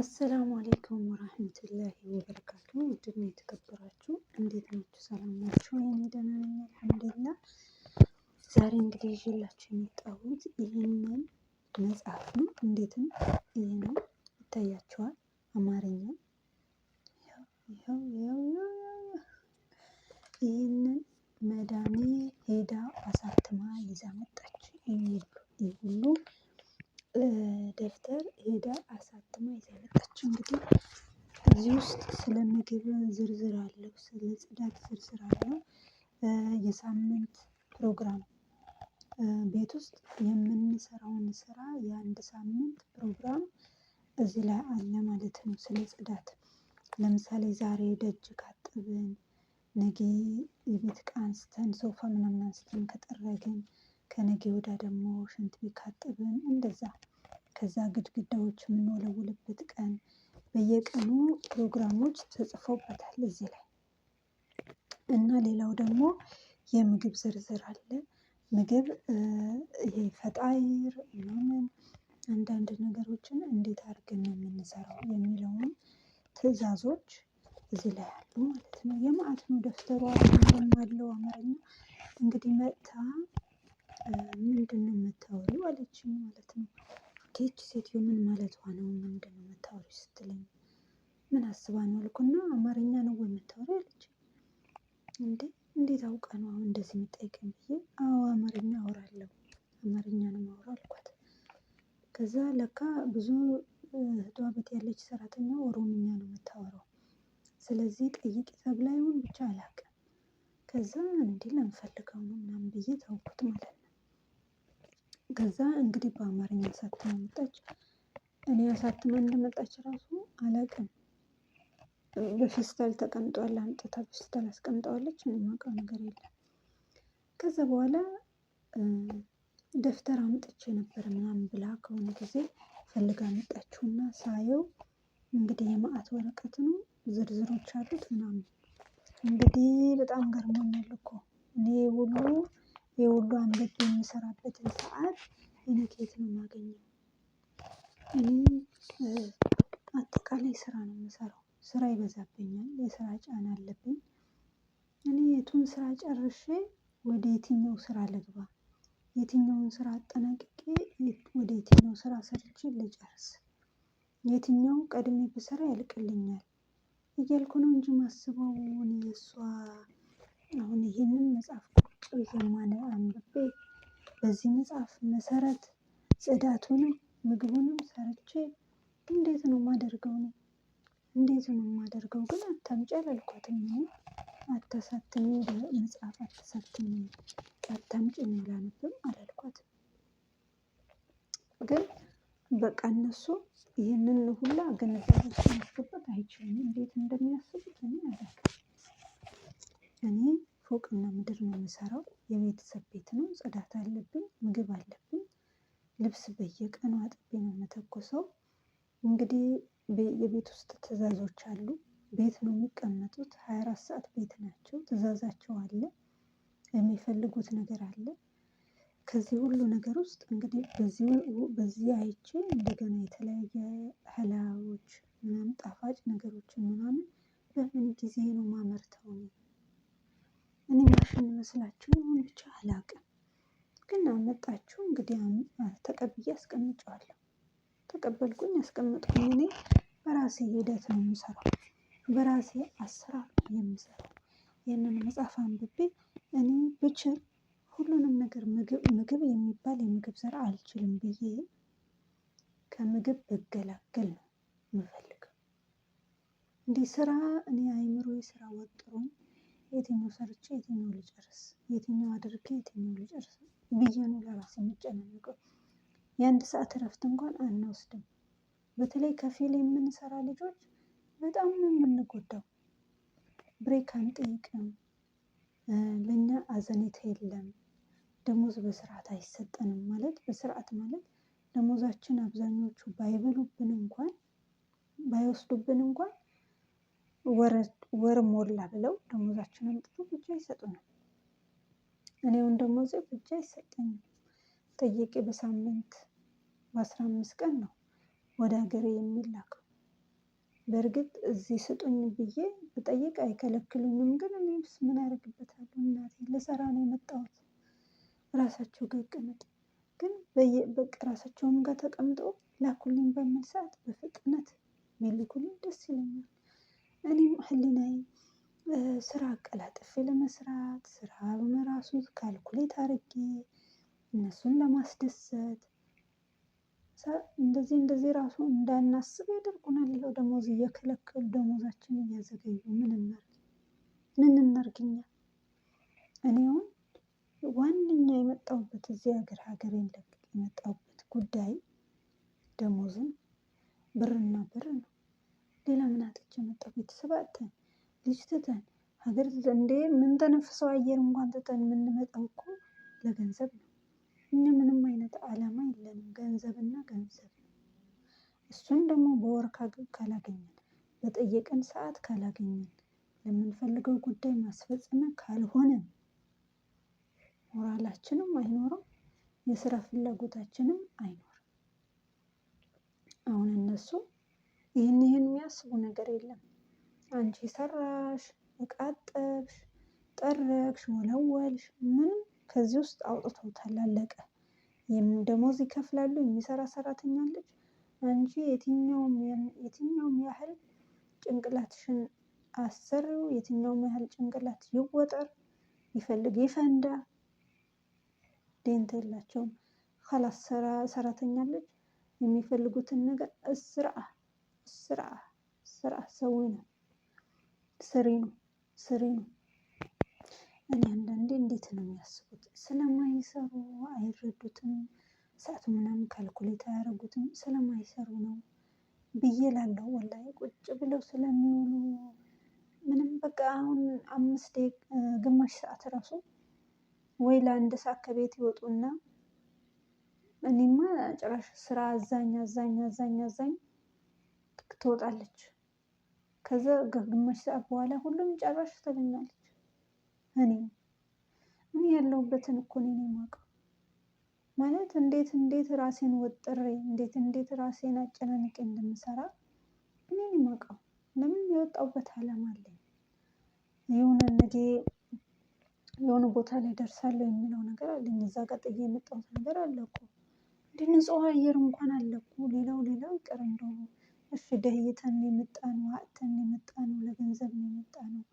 አሰላሙ አሌይኩም ወራህመቱላሂ ወበረካቱ። ውድና የተከበራችሁ እንዴት ናችሁ? ሰላም ናችሁ? እኔ ደህና ነኝ አልሐምዱሊላህ። ዛሬ እንግዲህ ይዤላችሁ የመጣሁት ይህንን መጽሐፍ ነው። እንዴትም ይህ ነው ይታያችኋል። አማርኛ ይህንን መዳሜ ሄዳ ፕሮግራም ቤት ውስጥ የምንሰራውን ስራ የአንድ ሳምንት ፕሮግራም እዚህ ላይ አለ ማለት ነው። ስለ ጽዳት ለምሳሌ ዛሬ ደጅ ካጠብን ነገ የቤት ዕቃ አንስተን ሶፋ ምናምን አንስተን ከጠረግን ከነገ ወዳ ደግሞ ሽንት ቤት ካጠብን እንደዛ ከዛ ግድግዳዎች የምንወለውልበት ቀን በየቀኑ ፕሮግራሞች ተጽፎበታል እዚህ ላይ እና ሌላው ደግሞ የምግብ ዝርዝር አለ። ምግብ ይሄ ፈጣይር ምናምን አንዳንድ ነገሮችን እንዴት አድርገን ነው የምንሰራው የሚለውን ትዕዛዞች እዚህ ላይ አሉ ማለት ነው። የማዕት ነው ደፍተሯ ያለው አማርኛ እንግዲህ መጥታ ምንድን ነው የምታወሪው አለችኝ ማለት ነው። ይህች ሴትዮ ምን ማለቷ ነው? ምንድን ነው የምታወሪው ስትለኝ ምን አስባ ነው አልኩና አማርኛ ነው የምታወሪው አለችኝ። እንዴ እንዴት አውቀ ነው አሁን እንደዚህ የምጠይቀኝ ብዬ አዎ አማርኛ አወራለሁ አማርኛ ነው የማወራው አልኳት። ከዛ ለካ ብዙ እህቷ ቤት ያለች ሰራተኛ ኦሮምኛ ነው የምታወራው። ስለዚህ ጠይቂ ተብላ ይሁን ብቻ አላውቅም። ከዛ እንዲህ ለምፈልገው ነው ምናምን ብዬ ተውኩት ማለት ነው። ከዛ እንግዲህ በአማርኛ አሳትማ መጣች። እኔ አሳትማ እንደመጣች ራሱ አላውቅም በፌስታል ተቀምጧል። አምጥታ በፌስታል አስቀምጠዋለች። የማውቀው ነገር የለም። ከዛ በኋላ ደፍተር አምጥቼ ነበር ምናምን ብላ ከሆነ ጊዜ ፈልጋ መጣችሁና ሳየው እንግዲህ የማአት ወረቀት ነው፣ ዝርዝሮች አሉት ምናምን እንግዲህ በጣም ገርሞኛል እኮ እኔ ሁሉ የሁሉ አንገት የሚሰራበትን ሰዓት እኔ ነው የማገኘው? እኔ አጠቃላይ ስራ ነው የምሰራው ስራ ይበዛብኛል፣ የስራ ጫና አለብኝ። እኔ የቱን ስራ ጨርሼ ወደ የትኛው ስራ ልግባ? የትኛውን ስራ አጠናቅቄ ወደ የትኛው ስራ ሰርቼ ልጨርስ? የትኛው ቀድሜ ብሰራ ያልቅልኛል እያልኩ ነው እንጂ ማስበው እኔ እሷ አሁን ይህንን መጽሐፍ ቁጭ ብዬ አንብቤ በዚህ መጽሐፍ መሰረት ጽዳቱንም ምግቡንም ሰርቼ እንዴት ነው ማደርገው ነው እንዴት ነው የማደርገው ግን አታምጪ አላልኳትም። አታሳትሚ መጽሐፍ አታሳትሚ አታምጪ ነው ያላነብም አላልኳትም። ግን በቃ እነሱ ይህንን ሁላ ግንዛቤ ውስጥ ማስገባት አይችሉም። እንዴት እንደሚያስቡት እኔ አላውቅም። እኔ ፎቅና ምድር ነው የምሰራው። የቤተሰብ ቤት ነው። ጽዳት አለብኝ፣ ምግብ አለብኝ፣ ልብስ በየቀኑ አጥቤ ነው የምተኮሰው። እንግዲህ የቤት ውስጥ ትዕዛዞች አሉ። ቤት ነው የሚቀመጡት። ሀያ አራት ሰዓት ቤት ናቸው። ትዕዛዛቸው አለ፣ የሚፈልጉት ነገር አለ። ከዚህ ሁሉ ነገር ውስጥ እንግዲህ በዚህ አይቼ እንደገና የተለያየ ህላዎች ምናምን ጣፋጭ ነገሮችን ምናምን በምን ጊዜ ነው ማመርተው? እኔ ማሽን መስላችሁ ይሁን ብቻ አላውቅም፣ ግን አመጣችሁ እንግዲህ ተቀብዬ አስቀምጨዋለሁ። ተቀበልኩኝ ያስቀመጥኩኝ። እኔ በራሴ ሂደት ነው የምሰራው፣ በራሴ አሰራር ነው የምሰራው። ይህንን መጽሐፍ አንብቤ እኔ ብችል ሁሉንም ነገር ምግብ የሚባል የምግብ ስራ አልችልም ብዬ ከምግብ ብገላገል ነው የምፈልገው። እንዲህ ስራ እኔ አይምሮ ስራ ወጥሮኝ የትኛው ሰርቼ የትኛው ልጨርስ፣ የትኛው አድርጌ የትኛው ልጨርስ ብዬ ነው ለራሴ የምጨናነቀው። የአንድ ሰዓት እረፍት እንኳን አንወስድም። በተለይ ከፊል የምንሰራ ልጆች በጣም ነው የምንጎዳው። ብሬክ አንጠይቅም። ለእኛ አዘኔታ የለም። ደሞዝ በስርዓት አይሰጠንም ማለት በስርዓት ማለት ደሞዛችን አብዛኞቹ ባይበሉብን እንኳን ባይወስዱብን እንኳን ወር ሞላ ብለው ደሞዛችን አምጥተው ብቻ ይሰጡናል። እኔውን ደሞዜ ብቻ አይሰጠኝም። ጠየቄ በሳምንት በአስራ አምስት ቀን ነው ወደ ሀገሬ የሚላከው። በእርግጥ እዚህ ስጡኝ ብዬ ብጠይቅ አይከለክሉኝም። ግን እኔስ ምን አደርግበታለሁ? እናቴ፣ ልሰራ ነው የመጣሁት። ራሳቸው ጋር ይቀመጡ ግን በቃ ራሳቸውም ጋር ተቀምጦ ላኩልኝ በሚል ሰዓት በፍጥነት ሚልኩልኝ ደስ ይለኛል። እኔም ህሊናዬ ስራ አቀላጥፌ ለመስራት ስራ ራሱ ካልኩሌት አርጌ እነሱን ለማስደሰት እንደዚህ እንደዚህ ራሱ እንዳናስብ ያደርጉናል። ይኸው ደሞዝ እየከለከሉ ደሞዛችን እያዘገዩ ምን እናርግ ምን እናርግኛ። እኔ አሁን ዋነኛ የመጣሁበት እዚህ ሀገር ሀገር የለቅቅ የመጣሁበት ጉዳይ ደሞዝን ብርና ብር ነው። ሌላ ምን አጥቼ መጣሁ? ቤተሰብ አጥተን ልጅ ትተን ሀገር እንዴ ምን ተነፍሰው አየር እንኳን ትተን የምንመጣው እኮ ለገንዘብ ነው። እኛ ምንም አይነት አላማ የለንም። እና ገንዘብ ነው። እሱን ደግሞ በወር ካላገኘን፣ በጠየቀን ሰዓት ካላገኘን፣ ለምንፈልገው ጉዳይ ማስፈጸሚያ ካልሆነን፣ ሞራላችንም አይኖርም፣ የስራ ፍላጎታችንም አይኖርም። አሁን እነሱ ይህን ይህን የሚያስቡ ነገር የለም። አንቺ ሰራሽ፣ እቃጠብሽ፣ ጠረግሽ፣ ወለወልሽ ምንም ከዚህ ውስጥ አውጥቶታል። አለቀ። ደሞዝ ይከፍላሉ። የሚሰራ ሰራተኛ አለች እንጂ የትኛውም ያህል ጭንቅላትሽን አሰሪው የትኛውም ያህል ጭንቅላት ይወጠር ይፈልግ ይፈንዳ ደንታ የላቸውም። ከላስ ሰራተኛ አለች የሚፈልጉትን ነገር እስራ ስራ ስራ ሰው ነው ስሪ ነው ስሪ ነው እኔ አንዳንዴ እንዴት ነው የሚያስቡት? ስለማይሰሩ አይረዱትም፣ ሰዓት ምናምን ካልኩሌት አያደርጉትም፣ ስለማይሰሩ ነው ብዬ ላለሁ። ወላሂ ቁጭ ብለው ስለሚውሉ ምንም በቃ አሁን አምስት ግማሽ ሰዓት ራሱ ወይ ለአንድ ሰዓት ከቤት ይወጡና እኔማ ጭራሽ ስራ አዛኝ አዛኝ አዛኝ አዛኝ ትወጣለች። ከዛ ግማሽ ሰዓት በኋላ ሁሉም ጨራሽ ትለኛለች። እኔ እኔ ያለሁበትን እኮ እኔ ነው የማውቀው። ማለት እንዴት እንዴት ራሴን ወጥሬ እንዴት እንዴት ራሴን አጨናንቄ እንደምሰራ እኔ የማውቀው። ለምን የወጣሁበት ዓላማ አለኝ። የሆነ ነገ የሆነ ቦታ ላይ ደርሳለሁ የሚለው ነገር አለኝ። እዛ ጋር ጥዬ የመጣሁት ነገር አለ እኮ ንጹህ አየር እንኳን አለ እኮ። ሌላው ሌላው ይቀር እንደሆነ እሺ፣ ደህይተን የመጣ ነው አጥተን የመጣ ነው ለገንዘብ ነው የመጣ ነው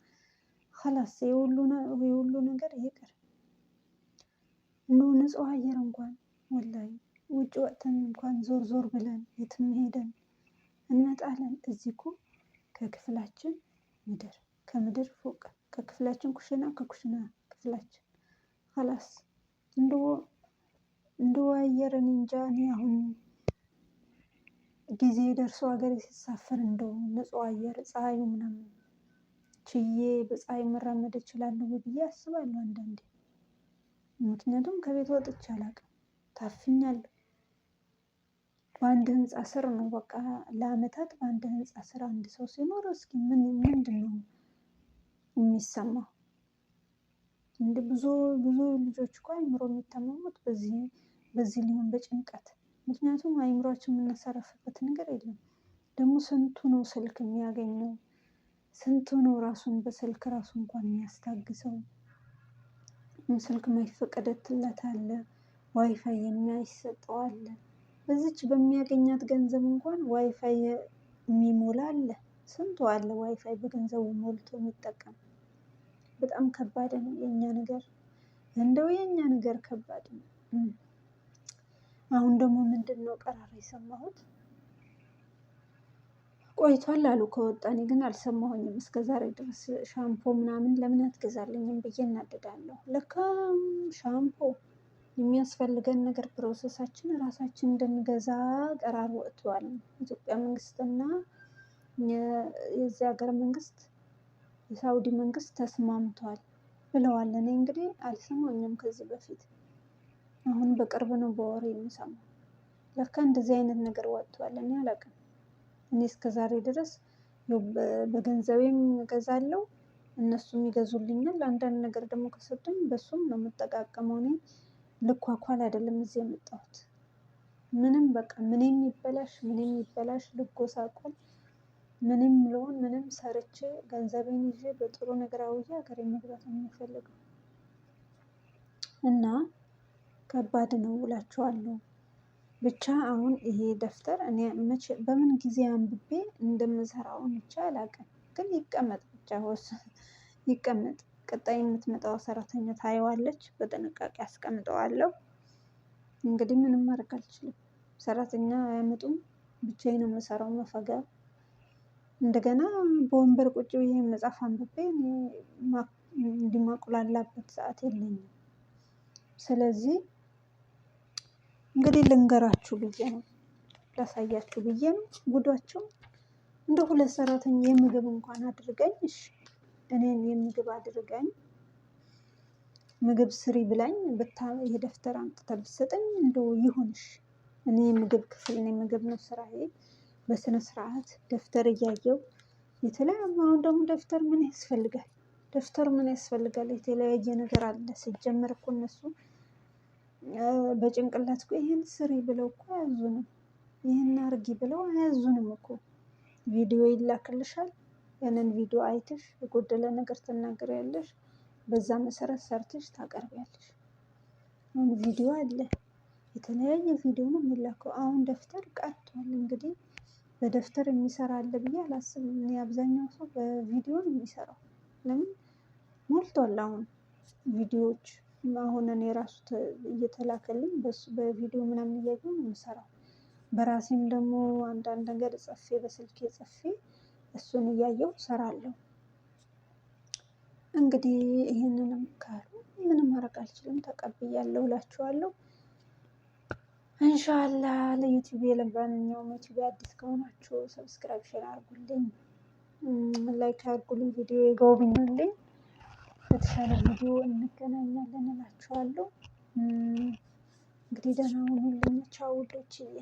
ከላስ የሁሉ ነገር ይቅር። እንደው ንጹህ አየር እንኳን ወላሂ ውጭ ወጥተን እንኳን ዞር ዞር ብለን የትም ሄደን እንመጣለን። እዚህ እኮ ከክፍላችን ምድር ከምድር ፎቅ ከክፍላችን ኩሽና ከኩሽና ክፍላችን ከላስ እንደው አየርን እንጃ እኔ አሁን ጊዜ ደርሶ ሀገር ሲሳፈር እንደው ንጹህ አየር ፀሐዩ ምናምን ችዬ በፀሐይ መራመድ እችላለሁ ብዬ አስባለሁ አንዳንዴ። ምክንያቱም ከቤት ወጥቼ አላቅም ታፍኛለሁ። በአንድ ህንፃ ስር ነው በቃ ለአመታት በአንድ ህንፃ ስር አንድ ሰው ሲኖር እስኪ ምን ምንድን ነው የሚሰማው? እንደ ብዙ ብዙ ልጆች እኮ አይምሮ የሚታመሙት በዚህ በዚህ ሊሆን በጭንቀት ምክንያቱም አይምሯችን የምናሳረፍበት ነገር የለም። ደግሞ ስንቱ ነው ስልክ የሚያገኘው ስንቱ ነው ራሱን በስልክ ራሱ እንኳን የሚያስታግሰው? ስልክ ማይፈቀደትለት አለ፣ ዋይፋይ የማይሰጠው አለ። በዚች በሚያገኛት ገንዘብ እንኳን ዋይፋይ የሚሞላ አለ። ስንቱ አለ ዋይፋይ በገንዘቡ ሞልቶ የሚጠቀም። በጣም ከባድ ነው የእኛ ነገር፣ እንደው የእኛ ነገር ከባድ ነው። አሁን ደግሞ ምንድን ነው ቀራራ የሰማሁት ቆይቷል አሉ ከወጣ። እኔ ግን አልሰማሁኝም እስከ ዛሬ ድረስ። ሻምፖ ምናምን ለምን አትገዛልኝም ብዬ እናደዳለሁ። ለካም ሻምፖ የሚያስፈልገን ነገር ፕሮሰሳችን እራሳችን እንድንገዛ ቀራር ወጥቷል። ኢትዮጵያ መንግስትና የዚህ ሀገር መንግስት የሳውዲ መንግስት ተስማምቷል ብለዋል። እኔ እንግዲህ አልሰማኝም ከዚህ በፊት አሁን በቅርብ ነው በወሬ የምሰማው። ለካ እንደዚህ አይነት ነገር ወጥቷል። እኔ አላውቅም። እኔ ዛሬ ድረስ በገንዘቤም እገዛለሁ፣ እነሱም ይገዙልኛል። አንዳንድ ነገር ደግሞ ከሰጡኝ በሱም ነው የምጠቃቀመው። እኔ ልኳኳል አይደለም እዚህ የመጣሁት። ምንም በቃ ምንም ይበላሽ፣ ምንም ይበላሽ፣ ልጎሳቆል፣ ምንም ልሆን፣ ምንም ሰርቼ ገንዘቤን ይዤ በጥሩ ነገር አውዬ ሀገሬ መግባት ነው እና ከባድ ነው እላችኋለሁ። ብቻ አሁን ይሄ ደፍተር እኔ መቼ በምን ጊዜ አንብቤ እንደምሰራውን ብቻ አላውቅም፣ ግን ይቀመጥ ብቻ ይቀመጥ። ቀጣይ የምትመጣው ሰራተኛ ታየዋለች። በጥንቃቄ አስቀምጠዋለሁ። እንግዲህ ምንም ማድረግ አልችልም። ሰራተኛ አያመጡም፣ ብቻዬ ነው የምሰራው። መፈገር እንደገና በወንበር ቁጭ ብዬ መጽሐፍ አንብቤ እንዲማቁላላበት ሰዓት የለኝም። ስለዚህ እንግዲህ ልንገራችሁ ብዬ ነው ላሳያችሁ ብዬ ነው ጉዷቸው። እንደ ሁለት ሰራተኛ የምግብ እንኳን አድርገኝ፣ እሺ እኔን የምግብ አድርገኝ ምግብ ስሪ ብላኝ ብታ የደብተር አምጥታ ብትሰጠኝ እንደው ይሁንሽ። እኔ የምግብ ክፍል ነኝ፣ ምግብ ነው ስራዬ። በስነ ስርዓት ደብተር እያየው የተለያዩ አሁን ደግሞ ደፍተር ምን ያስፈልጋል? ደፍተር ምን ያስፈልጋል? የተለያየ ነገር አለ ሲጀመር እኮ እነሱ በጭንቅላት እኮ ይህን ስሪ ብለው እኮ አያዙንም። ይህን አርጊ ብለው አያዙንም እኮ። ቪዲዮ ይላክልሻል። ያንን ቪዲዮ አይተሽ የጎደለ ነገር ትናገሪያለሽ። በዛ መሰረት ሰርተሽ ታቀርቢያለሽ። አሁን ቪዲዮ አለ፣ የተለያየ ቪዲዮ ነው የሚላከው። አሁን ደፍተር ቀርቷል። እንግዲህ በደፍተር የሚሰራ አለ ብዬ አላስብም። አብዛኛው ሰው በቪዲዮ ነው የሚሰራው። ለምን ሞልቷል አሁን ቪዲዮዎች አሁን እኔ ራሱ እየተላከልኝ በሱ በቪዲዮ ምናምን እያየሁ ነው የምሰራው። በራሴም ደግሞ አንዳንድ ነገር ጽፌ በስልኬ ጽፌ እሱን እያየው ሰራለሁ። እንግዲህ ይህንንም ካሉ ምንም ማድረግ አልችልም፣ ተቀብያለሁ እላችኋለሁ። እንሻላ ለዩቲዩብ ለማንኛውም ዩቲዩብ አዲስ ከሆናችሁ ሰብስክራይብ፣ ሼር አድርጉልኝ፣ ላይክ አርጉልኝ፣ ቪዲዮ ይጎብኙልኝ። በተሻለ ቪዲዮ እንገናኛለን እላችኋለሁ። እንግዲህ ደህና ሁኑልኝ። ቻው ውዶችዬ።